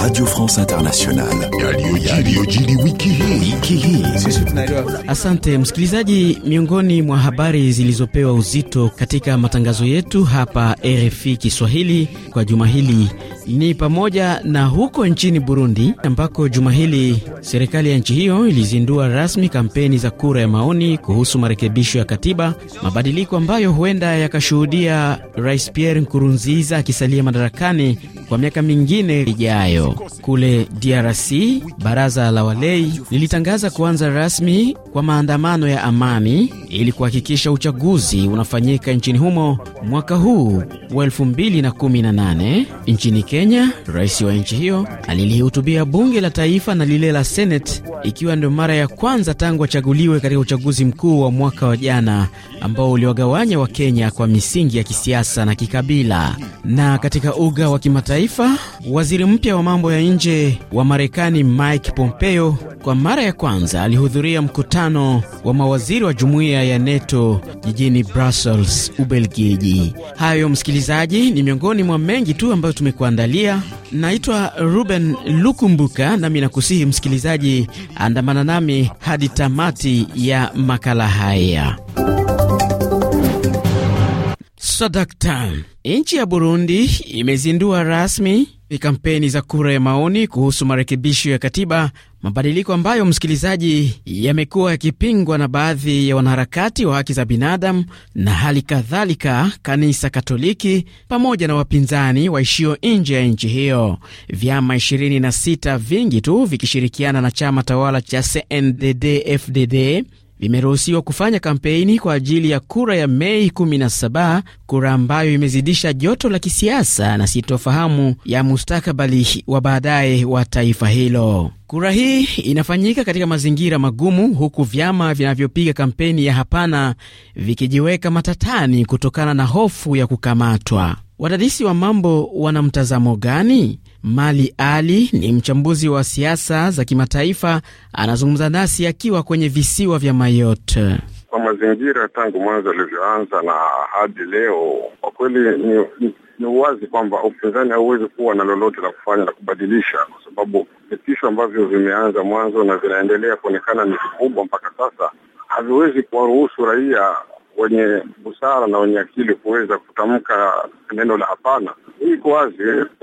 Radio France Internationale. Asante msikilizaji, miongoni mwa habari zilizopewa uzito katika matangazo yetu hapa RFI Kiswahili kwa juma hili ni pamoja na huko nchini Burundi ambako juma hili serikali ya nchi hiyo ilizindua rasmi kampeni za kura ya maoni kuhusu marekebisho ya katiba, mabadiliko ambayo huenda yakashuhudia Rais Pierre Nkurunziza akisalia madarakani kwa miaka mingine ijayo. Kule DRC, baraza la walei lilitangaza kuanza rasmi kwa maandamano ya amani ili kuhakikisha uchaguzi unafanyika nchini humo mwaka huu wa 2018. Nchini Kenya, rais wa nchi hiyo alilihutubia bunge la taifa na lile la Senate, ikiwa ndio mara ya kwanza tangu achaguliwe katika uchaguzi mkuu wa mwaka wa jana ambao uliwagawanya Wakenya kwa misingi ya kisiasa na kikabila. Na katika uga wa kimataifa, waziri mpya wa mambo ya nje wa Marekani Mike Pompeo kwa mara ya kwanza alihudhuria mkutano wa mawaziri wa jumuiya jumuiya ya NATO jijini Brussels, Ubelgiji. Hayo msikilizaji, ni miongoni mwa mengi tu ambayo tumekuandalia. Naitwa Ruben Lukumbuka, nami nakusihi msikilizaji, andamana nami hadi tamati ya makala haya. Sadakta, nchi ya Burundi imezindua rasmi kampeni za kura ya maoni kuhusu marekebisho ya katiba mabadiliko ambayo msikilizaji, yamekuwa yakipingwa na baadhi ya wanaharakati wa haki za binadamu na hali kadhalika kanisa Katoliki pamoja na wapinzani waishio nje ya nchi hiyo, vyama 26 vingi tu vikishirikiana na chama tawala cha CNDD-FDD vimeruhusiwa kufanya kampeni kwa ajili ya kura ya Mei 17, kura ambayo imezidisha joto la kisiasa na sitofahamu ya mustakabali wa baadaye wa taifa hilo. Kura hii inafanyika katika mazingira magumu, huku vyama vinavyopiga kampeni ya hapana vikijiweka matatani kutokana na hofu ya kukamatwa. Wadadisi wa mambo wana mtazamo gani? Mali Ali ni mchambuzi wa siasa za kimataifa, anazungumza nasi akiwa kwenye visiwa vya Mayotte. Kwa mazingira tangu mwanzo alivyoanza na hadi leo, kwa kweli ni, ni, ni uwazi kwamba upinzani hauwezi kuwa na lolote la kufanya na kubadilisha, kwa sababu vitisho ambavyo vimeanza mwanzo na vinaendelea kuonekana ni vikubwa mpaka sasa haviwezi kuwaruhusu raia wenye busara na wenye akili kuweza kutamka neno la hapana. Hii iko wazi,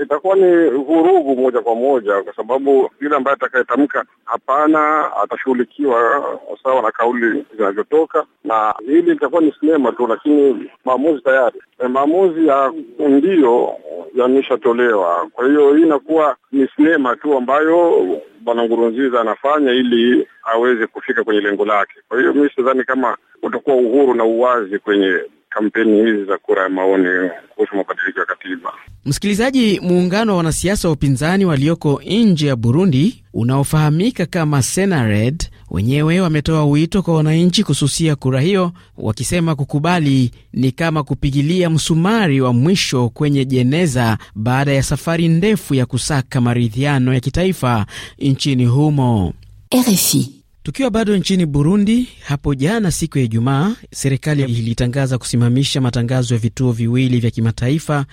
itakuwa ni vurugu moja kwa moja, kwa sababu yule ambaye atakayetamka hapana atashughulikiwa sawa na kauli zinavyotoka, na hili litakuwa ni sinema tu, lakini maamuzi tayari, e, maamuzi ya ndio yameshatolewa. Kwa hiyo hii inakuwa ni sinema tu ambayo bwana Ngurunziza anafanya ili aweze kufika kwenye lengo lake. Kwa hiyo mi sidhani kama utakuwa uhuru na uwazi kwenye kampeni hizi za kura ya maoni kuhusu mabadiliko ya katiba. Msikilizaji, muungano wa wanasiasa wa upinzani walioko nje ya Burundi unaofahamika kama Senared wenyewe wametoa wito kwa wananchi kususia kura hiyo, wakisema kukubali ni kama kupigilia msumari wa mwisho kwenye jeneza baada ya safari ndefu ya kusaka maridhiano ya kitaifa nchini humo. RFI. Tukiwa bado nchini Burundi, hapo jana siku ya Ijumaa, serikali ilitangaza kusimamisha matangazo ya vituo viwili vya kimataifa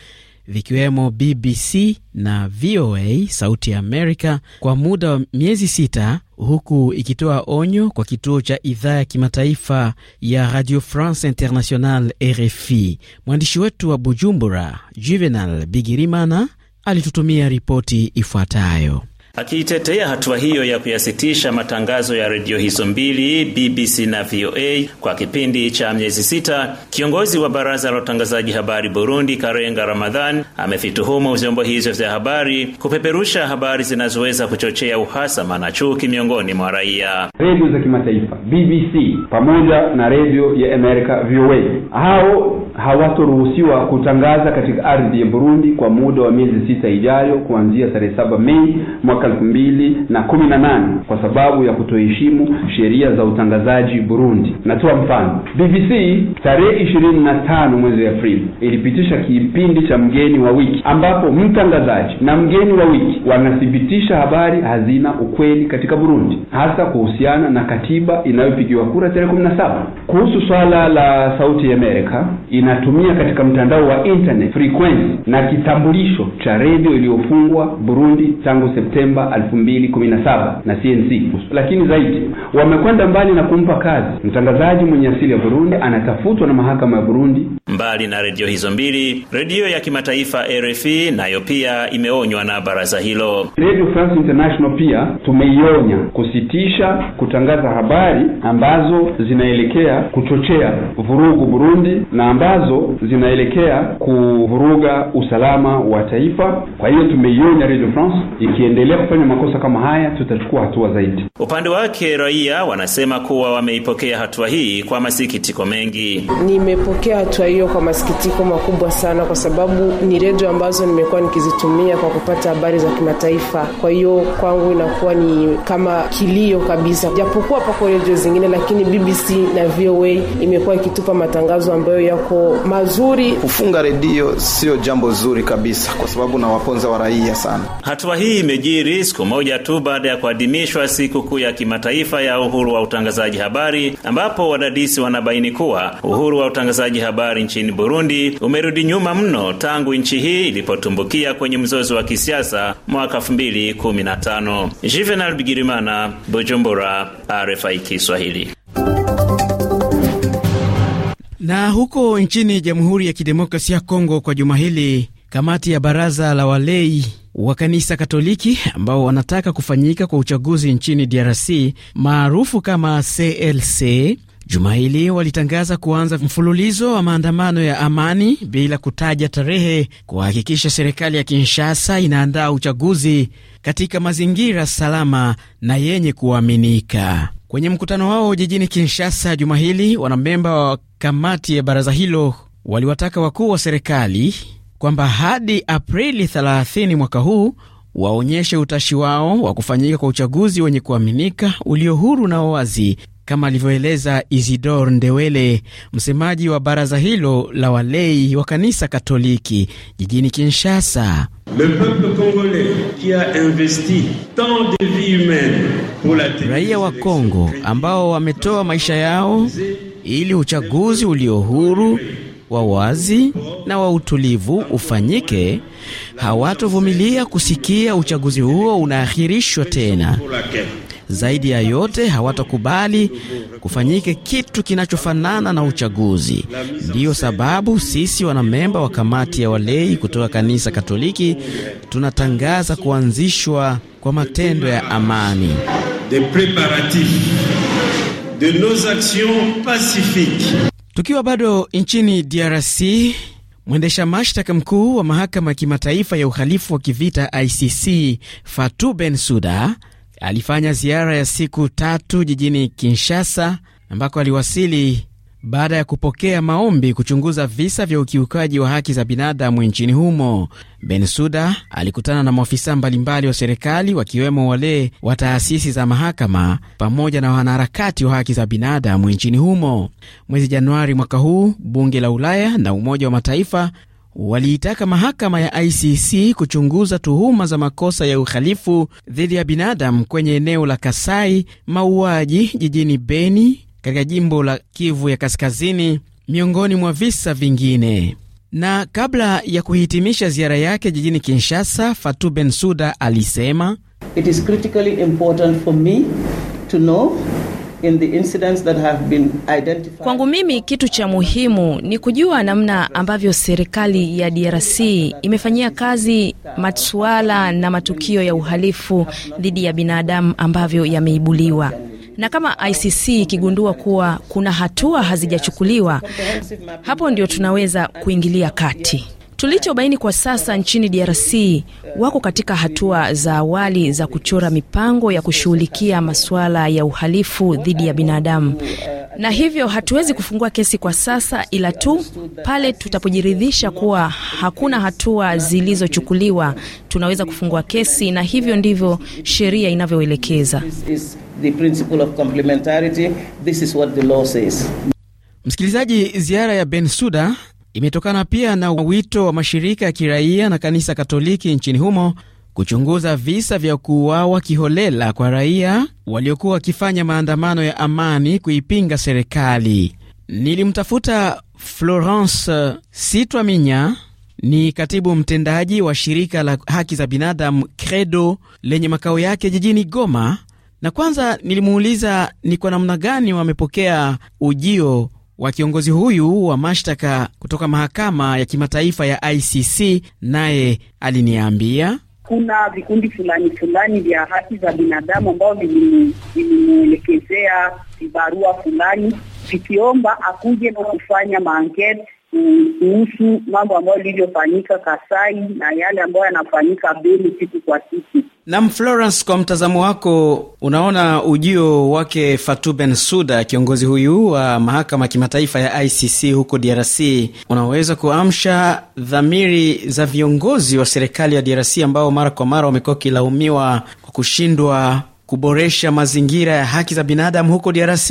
vikiwemo BBC na VOA Sauti ya Amerika kwa muda wa miezi sita, huku ikitoa onyo kwa kituo cha idhaa ya kimataifa ya Radio France International RFI. Mwandishi wetu wa Bujumbura Juvenal Bigirimana alitutumia ripoti ifuatayo. Akiitetea hatua hiyo ya kuyasitisha matangazo ya redio hizo mbili BBC na VOA kwa kipindi cha miezi sita, kiongozi wa baraza la utangazaji habari Burundi Karenga Ramadhan amevituhumu vyombo hivyo vya habari kupeperusha habari zinazoweza kuchochea uhasama na chuki miongoni mwa raia. Redio za kimataifa BBC pamoja na redio ya Amerika VOA, hao hawatoruhusiwa kutangaza katika ardhi ya Burundi kwa muda wa miezi sita ijayo kuanzia tarehe 7 Mei mwaka elfu mbili na kumi na nane kwa sababu ya kutoheshimu sheria za utangazaji Burundi. Natoa mfano, BBC tarehe ishirini na tano mwezi Aprili ilipitisha kipindi cha mgeni wa wiki ambapo mtangazaji na mgeni wa wiki wanathibitisha habari hazina ukweli katika Burundi, hasa kuhusiana na katiba inayopigiwa kura tarehe kumi na saba. Kuhusu swala la Sauti ya Amerika, inatumia katika mtandao wa internet frequency na kitambulisho cha redio iliyofungwa Burundi tangu Septemba Disemba 2017 na CNC. Lakini zaidi wamekwenda mbali na kumpa kazi mtangazaji mwenye asili ya Burundi, anatafutwa na mahakama ya Burundi Mbali na redio hizo mbili, redio ya kimataifa RFI nayo pia imeonywa na baraza hilo. Radio France International pia tumeionya kusitisha kutangaza habari ambazo zinaelekea kuchochea vurugu Burundi na ambazo zinaelekea kuvuruga usalama wa taifa. Kwa hiyo tumeionya Radio France, ikiendelea kufanya makosa kama haya tutachukua hatua zaidi. Upande wake raia wanasema kuwa wameipokea hatua hii kwa masikitiko mengi. Nimepokea hatua hiyo hiyo kwa masikitiko makubwa sana, kwa sababu ni redio ambazo nimekuwa nikizitumia kwa kupata habari za kimataifa. Kwa hiyo kwangu inakuwa ni kama kilio kabisa, japokuwa pako redio zingine, lakini BBC na VOA imekuwa ikitupa matangazo ambayo yako mazuri. Kufunga redio sio jambo zuri kabisa, kwa sababu na waponza wa raia sana. Hatua hii imejiri siku moja tu baada ya kuadhimishwa siku kuu ya kimataifa ya uhuru wa utangazaji habari, ambapo wadadisi wanabaini kuwa uhuru wa utangazaji habari nchini Burundi umerudi nyuma mno tangu nchi hii ilipotumbukia kwenye mzozo wa kisiasa mwaka 2015. Juvenal Bigirimana, Bujumbura, RFI Kiswahili. Na huko nchini Jamhuri ya Kidemokrasia ya Kongo, kwa juma hili kamati ya baraza la walei wa kanisa Katoliki ambao wanataka kufanyika kwa uchaguzi nchini DRC maarufu kama CLC juma hili walitangaza kuanza mfululizo wa maandamano ya amani bila kutaja tarehe, kuhakikisha serikali ya Kinshasa inaandaa uchaguzi katika mazingira salama na yenye kuaminika. Kwenye mkutano wao jijini Kinshasa juma hili, wanamemba wa kamati ya baraza hilo waliwataka wakuu wa serikali kwamba hadi Aprili 30 mwaka huu waonyeshe utashi wao wa kufanyika kwa uchaguzi wenye kuaminika, ulio huru na wazi, kama alivyoeleza Isidor Ndewele, msemaji wa baraza hilo la walei wa kanisa Katoliki jijini Kinshasa. Raia wa Kongo ambao wametoa maisha yao ili uchaguzi ulio huru wa wazi na wa utulivu ufanyike, hawatovumilia kusikia uchaguzi huo unaahirishwa tena. Zaidi ya yote, hawatakubali kufanyike kitu kinachofanana na uchaguzi. Ndiyo sababu sisi wanamemba wa kamati ya walei kutoka kanisa Katoliki tunatangaza kuanzishwa kwa matendo ya amani de nos actions pacifiques. Tukiwa bado nchini DRC, mwendesha mashtaka mkuu wa mahakama ya kimataifa ya uhalifu wa kivita ICC fatu ben suda alifanya ziara ya siku tatu jijini Kinshasa ambako aliwasili baada ya kupokea maombi kuchunguza visa vya ukiukaji wa haki za binadamu nchini humo. Bensuda alikutana na maafisa mbalimbali wa serikali wakiwemo wale wa taasisi za mahakama pamoja na wanaharakati wa haki za binadamu nchini humo. Mwezi Januari mwaka huu, bunge la Ulaya na Umoja wa Mataifa waliitaka mahakama ya ICC kuchunguza tuhuma za makosa ya uhalifu dhidi ya binadamu kwenye eneo la Kasai, mauaji jijini Beni katika jimbo la Kivu ya Kaskazini, miongoni mwa visa vingine. Na kabla ya kuhitimisha ziara yake jijini Kinshasa, Fatou Bensouda alisema It is critically important for me to know In the incidents that have been identified. Kwangu mimi kitu cha muhimu ni kujua namna ambavyo serikali ya DRC imefanyia kazi masuala na matukio ya uhalifu dhidi ya binadamu ambavyo yameibuliwa na kama ICC ikigundua kuwa kuna hatua hazijachukuliwa, hapo ndio tunaweza kuingilia kati. Tulichobaini kwa sasa nchini DRC wako katika hatua za awali za kuchora mipango ya kushughulikia masuala ya uhalifu dhidi ya binadamu, na hivyo hatuwezi kufungua kesi kwa sasa, ila tu pale tutapojiridhisha kuwa hakuna hatua zilizochukuliwa tunaweza kufungua kesi, na hivyo ndivyo sheria inavyoelekeza. Msikilizaji, ziara ya Ben Suda imetokana pia na wito wa mashirika ya kiraia na kanisa Katoliki nchini humo kuchunguza visa vya kuuawa kiholela kwa raia waliokuwa wakifanya maandamano ya amani kuipinga serikali. Nilimtafuta Florence Sitwaminya, ni katibu mtendaji wa shirika la haki za binadamu Credo lenye makao yake jijini Goma, na kwanza nilimuuliza ni kwa namna gani wamepokea ujio wa kiongozi huyu wa mashtaka kutoka mahakama ya kimataifa ya ICC, naye aliniambia kuna vikundi fulani fulani vya haki za binadamu ambao vilimwelekezea vibarua fulani vikiomba akuje na kufanya maanketi kuhusu mambo ambayo ilivyofanyika Kasai na yale ambayo yanafanyika Beni siku kwa siku. Na Florence, kwa mtazamo wako, unaona ujio wake Fatou Bensouda, kiongozi huyu wa mahakama ya kimataifa ya ICC huko DRC, unaweza kuamsha dhamiri za viongozi wa serikali ya DRC ambao mara kwa mara wamekuwa wakilaumiwa kwa kushindwa kuboresha mazingira ya haki za binadamu huko DRC?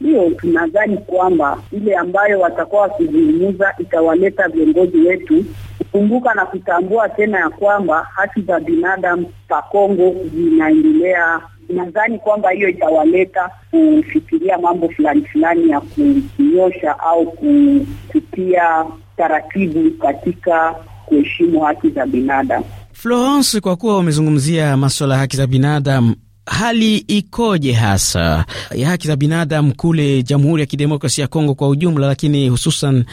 Hiyo tunadhani kwamba ile ambayo watakuwa wakizungumza itawaleta viongozi wetu kukumbuka na kutambua tena ya kwamba haki za binadamu pa Kongo zinaendelea. Nadhani kwamba hiyo itawaleta kufikiria mambo fulani fulani ya kunyosha au kupitia taratibu katika kuheshimu haki za binadamu. Florence, kwa kuwa wamezungumzia masuala ya haki za binadamu, hali ikoje hasa ya haki za binadamu kule Jamhuri ya Kidemokrasia ya Kongo kwa ujumla, lakini hususan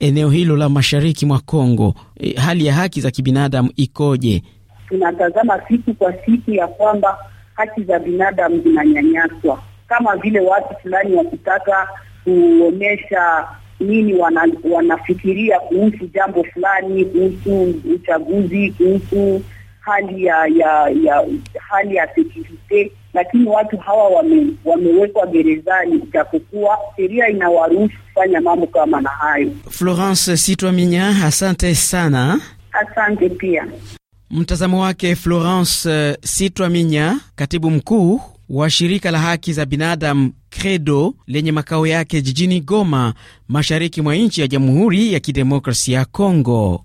eneo hilo la mashariki mwa Kongo, e, hali ya haki za kibinadamu ikoje? Tunatazama siku kwa siku ya kwamba haki za binadamu zinanyanyaswa, kama vile watu fulani wakitaka kuonyesha nini wana, wanafikiria kuhusu jambo fulani, kuhusu uchaguzi, kuhusu hali ya ya, ya hali ya security, lakini watu hawa wame, wamewekwa gerezani japokuwa sheria inawaruhusu kufanya mambo kama na hayo. Florence Sitwaminya, asante sana. Asante pia. Mtazamo wake Florence eh, Sitwaminya, katibu mkuu wa shirika la haki za binadamu Credo lenye makao yake jijini Goma, mashariki mwa nchi ya Jamhuri ya Kidemokrasia ya Kongo.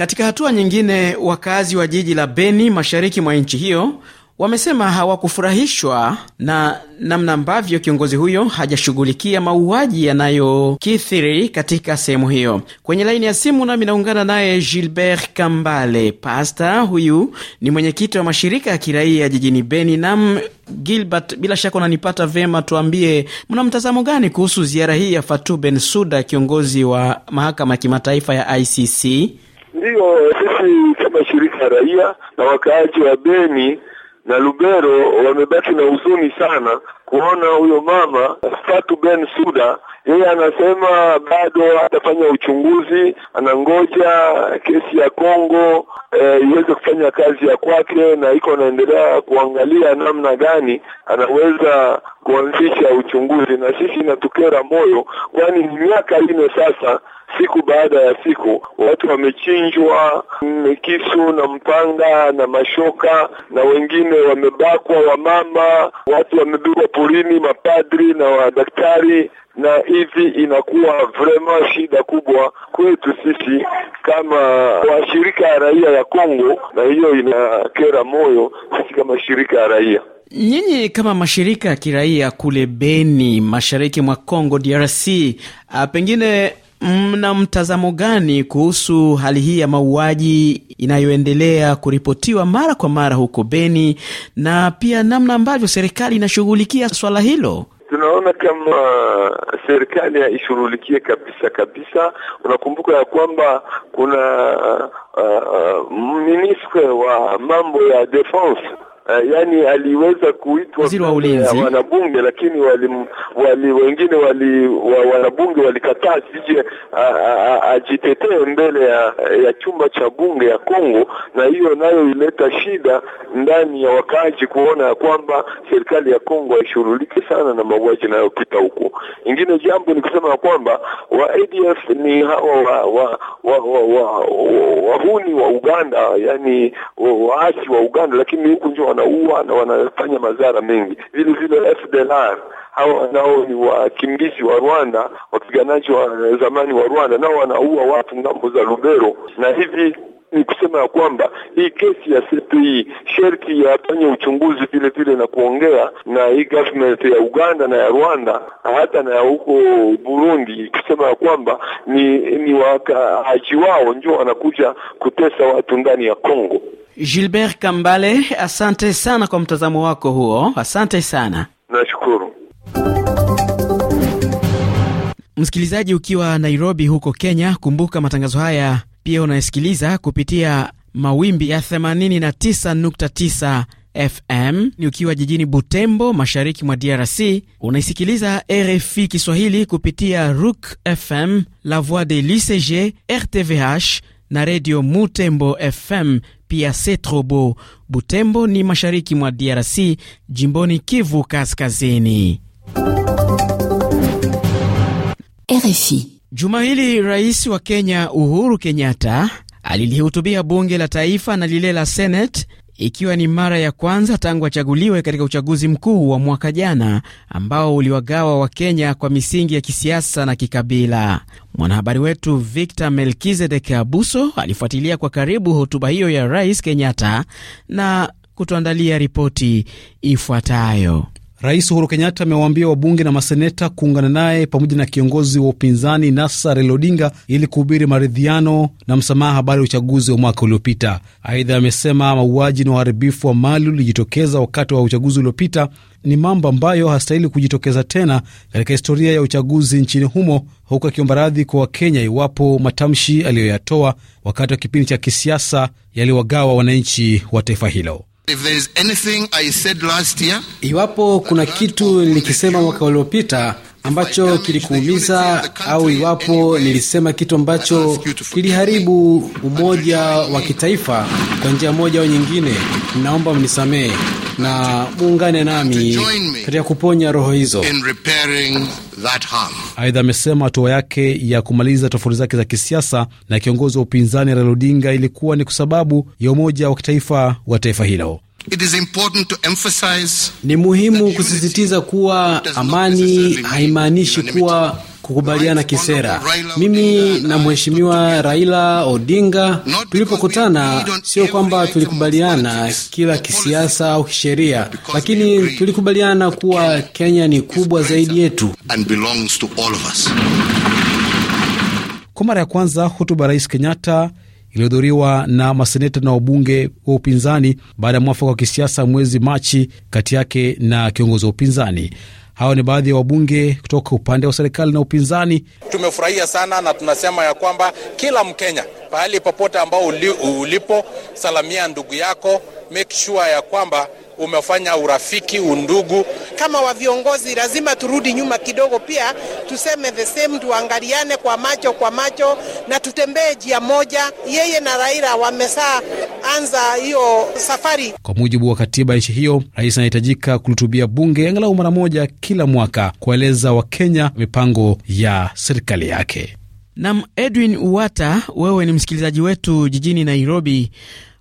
Katika hatua nyingine, wakazi wa jiji la Beni mashariki mwa nchi hiyo wamesema hawakufurahishwa na namna ambavyo kiongozi huyo hajashughulikia mauaji yanayokithiri katika sehemu hiyo. Kwenye laini ya simu nami naungana naye Gilbert Kambale. Pasta huyu ni mwenyekiti wa mashirika ya kiraia jijini Beni. Nam Gilbert, bila shaka unanipata vyema, tuambie mna mtazamo gani kuhusu ziara hii ya Fatou Bensouda, kiongozi wa mahakama ya kimataifa ya ICC Ndiyo, sisi kama shirika raia na wakaaji wa Beni na Lubero wamebaki na huzuni sana kuona huyo mama Fatu Ben Suda yeye anasema bado atafanya uchunguzi, anangoja kesi ya Kongo eh, iweze e, kufanya kazi ya kwake, na iko anaendelea kuangalia namna gani anaweza kuanzisha uchunguzi, na sisi inatukera moyo, kwani ni miaka ine sasa siku baada ya siku, watu wamechinjwa mekisu na mpanga na mashoka, na wengine wamebakwa, wamama, watu wamebigwa porini, mapadri na wadaktari na hivi inakuwa vrema shida kubwa kwetu sisi kama washirika ya raia ya Kongo, na hiyo inakera moyo sisi kama shirika ya raia. Nyinyi kama mashirika ya kiraia kule Beni, mashariki mwa Kongo DRC, ah, pengine mna mtazamo gani kuhusu hali hii ya mauaji inayoendelea kuripotiwa mara kwa mara huko Beni na pia namna ambavyo serikali inashughulikia swala hilo? Tunaona kama serikali haishughulikie kabisa kabisa. Unakumbuka ya kwamba kuna uh, uh, uh ministre wa mambo ya defense Uh, yani aliweza kuitwa waziri wa ulinzi wanabunge, lakini wali, wali wengine wali wa, wanabunge walikataa sije ajitetee mbele ya, ya chumba cha bunge ya Kongo, na hiyo nayo ileta shida ndani ya wakaaji kuona ya kwamba serikali ya Kongo haishughulike sana na mauaji yanayopita huko. Ingine jambo ni kusema ya kwamba wa ADF ni hawa wa wa wahuni wa, wa, wa, wa, wa Uganda, yani waasi wa Uganda, lakini huku ndio wanaua na wanafanya madhara mengi. Vile vile FDLR hawa nao ni wakimbizi wa Rwanda, wapiganaji wa zamani wa Rwanda, nao wanaua watu ngambo za Lubero na hivi ni kusema ya kwamba hii kesi ya CPI e, sherti yafanye uchunguzi vile vile na kuongea na hii government ya Uganda na ya Rwanda hata na ya huko Burundi, kusema ya kwamba ni, ni wakaaji wao ndio wanakuja kutesa watu ndani ya Kongo. Gilbert Kambale, asante sana kwa mtazamo wako huo, asante sana. Nashukuru. Msikilizaji ukiwa Nairobi huko Kenya, kumbuka matangazo haya pia unaisikiliza kupitia mawimbi ya 89.9 FM ni ukiwa jijini Butembo, mashariki mwa DRC. Unaisikiliza RFI Kiswahili kupitia Rook FM, La Voix de l'UCG, RTVH na redio Mutembo FM pia Setrobo. Butembo ni mashariki mwa DRC, jimboni Kivu Kaskazini. RFI Juma hili rais wa Kenya Uhuru Kenyatta alilihutubia bunge la taifa na lile la Senate ikiwa ni mara ya kwanza tangu achaguliwe katika uchaguzi mkuu wa mwaka jana ambao uliwagawa Wakenya kwa misingi ya kisiasa na kikabila. Mwanahabari wetu Victor Melkizedek Abuso alifuatilia kwa karibu hotuba hiyo ya rais Kenyatta na kutuandalia ripoti ifuatayo. Rais Uhuru Kenyatta amewaambia wabunge na maseneta kuungana naye pamoja na kiongozi wa upinzani NASA Raila Odinga ili kuhubiri maridhiano na msamaha baada ya uchaguzi wa mwaka uliopita. Aidha, amesema mauaji na uharibifu wa mali ulijitokeza wakati wa uchaguzi uliopita ni mambo ambayo hastahili kujitokeza tena katika historia ya uchaguzi nchini humo, huku akiomba radhi kwa Wakenya iwapo matamshi aliyoyatoa wakati wa kipindi cha kisiasa yaliwagawa wananchi wa taifa hilo. If there is anything I said last year, iwapo kuna kitu nilikisema mwaka uliopita ambacho kilikuumiza au iwapo nilisema kitu ambacho kiliharibu umoja wa kitaifa kwa njia moja au nyingine, naomba mnisamehe na muungane nami katika kuponya roho hizo. Aidha, amesema hatua yake ya kumaliza tofauti zake za kisiasa na kiongozi wa upinzani Raila Odinga ilikuwa ni kwa sababu ya umoja wa kitaifa wa taifa hilo. It is important to emphasize, ni muhimu kusisitiza kuwa amani haimaanishi kuwa kukubaliana kisera. Mimi na Mheshimiwa Raila Odinga tulipokutana, sio kwamba tulikubaliana kila kisiasa au kisheria, lakini tulikubaliana kuwa Kenya ni kubwa zaidi yetu. Kwa mara ya kwanza, hotuba Rais Kenyatta iliyohudhuriwa na maseneta na wabunge wa upinzani baada ya mwafaka wa kisiasa mwezi Machi kati yake na kiongozi wa upinzani. Hawa ni baadhi ya wabunge kutoka upande wa serikali na upinzani. Tumefurahia sana na tunasema ya kwamba kila Mkenya pahali popote ambao ulipo, salamia ndugu yako, make sure ya kwamba umefanya urafiki, undugu kama wa viongozi lazima turudi nyuma kidogo, pia tuseme the same, tuangaliane kwa macho kwa macho na tutembee njia moja. Yeye na Raila wamesaa anza hiyo safari. Kwa mujibu wa katiba ya nchi hiyo, rais anahitajika kulihutubia bunge angalau mara moja kila mwaka kuwaeleza Wakenya mipango ya serikali yake. Nam Edwin Uwata, wewe ni msikilizaji wetu jijini Nairobi.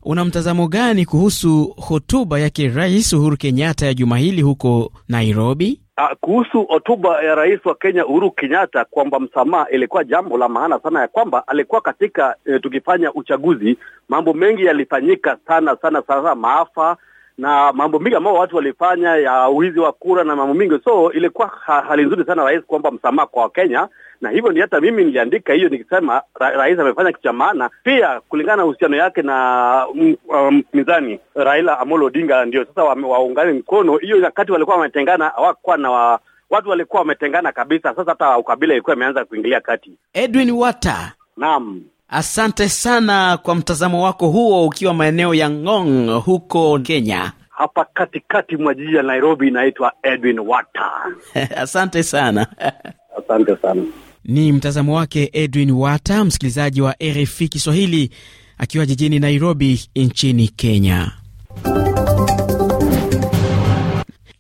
Una mtazamo gani kuhusu hotuba yake Rais Uhuru Kenyatta ya juma hili huko Nairobi? A, ah, kuhusu hotuba ya rais wa Kenya Uhuru Kenyatta kwamba msamaha ilikuwa jambo la maana sana, ya kwamba alikuwa katika e, tukifanya uchaguzi, mambo mengi yalifanyika sana sana sana, maafa na mambo mengi ambayo watu walifanya ya wizi wa kura na mambo mengi, so ilikuwa hali nzuri sana rais kuomba msamaha kwa Wakenya na hivyo ndio hata mimi niliandika hiyo nikisema ra, rais amefanya kitu cha maana, pia kulingana na uhusiano yake na mpinzani mm, um, Raila Amolo Odinga. Ndio sasa waungane mkono. Hiyo wakati walikuwa wametengana, hawakuwa na wa, watu walikuwa wametengana kabisa. Sasa hata ukabila ilikuwa imeanza kuingilia kati. Edwin Wata, naam. Asante sana kwa mtazamo wako huo, ukiwa maeneo ya Ngong huko Kenya. Hapa katikati mwa jiji la Nairobi inaitwa Edwin Wata. Asante sana. Asante sana. Ni mtazamo wake Edwin Wata, msikilizaji wa RFI Kiswahili akiwa jijini Nairobi nchini Kenya.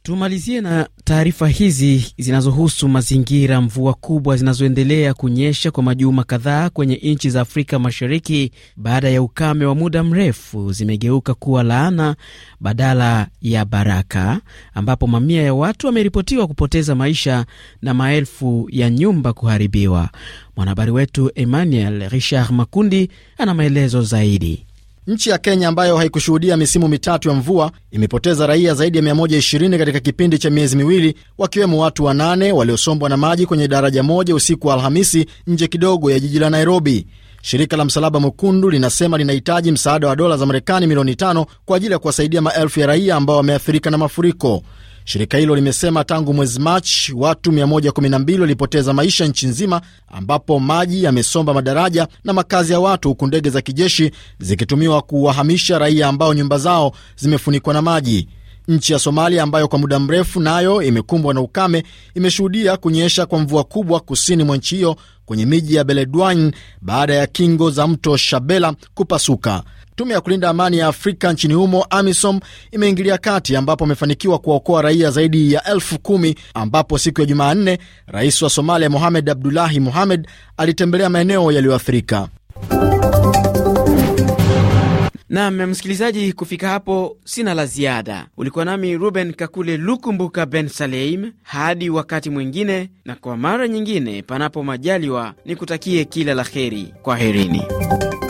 Tumalizie na taarifa hizi zinazohusu mazingira. Mvua kubwa zinazoendelea kunyesha kwa majuma kadhaa kwenye nchi za Afrika Mashariki baada ya ukame wa muda mrefu zimegeuka kuwa laana badala ya baraka, ambapo mamia ya watu wameripotiwa kupoteza maisha na maelfu ya nyumba kuharibiwa. Mwanahabari wetu Emmanuel Richard Makundi ana maelezo zaidi. Nchi ya Kenya ambayo haikushuhudia misimu mitatu ya mvua imepoteza raia zaidi ya 120 katika kipindi cha miezi miwili, wakiwemo watu wanane waliosombwa na maji kwenye daraja moja usiku wa Alhamisi nje kidogo ya jiji la Nairobi. Shirika la Msalaba Mwekundu linasema linahitaji msaada wa dola za Marekani milioni tano kwa ajili ya kuwasaidia maelfu ya raia ambao wameathirika na mafuriko. Shirika hilo limesema tangu mwezi Machi watu 112 walipoteza maisha nchi nzima, ambapo maji yamesomba madaraja na makazi ya watu, huku ndege za kijeshi zikitumiwa kuwahamisha raia ambao nyumba zao zimefunikwa na maji. Nchi ya Somalia ambayo kwa muda mrefu nayo imekumbwa na ukame imeshuhudia kunyesha kwa mvua kubwa kusini mwa nchi hiyo kwenye miji ya Beledweyne baada ya kingo za mto Shabela kupasuka. Tume ya kulinda amani ya Afrika nchini humo AMISOM imeingilia kati, ambapo amefanikiwa kuwaokoa raia zaidi ya elfu kumi ambapo siku ya Jumanne rais wa Somalia Mohamed Abdullahi Mohamed alitembelea maeneo yaliyoathirika. Nam msikilizaji, kufika hapo sina la ziada. Ulikuwa nami Ruben Kakule Lukumbuka Ben Saleim. Hadi wakati mwingine, na kwa mara nyingine, panapo majaliwa, nikutakie kila la heri. kwa herini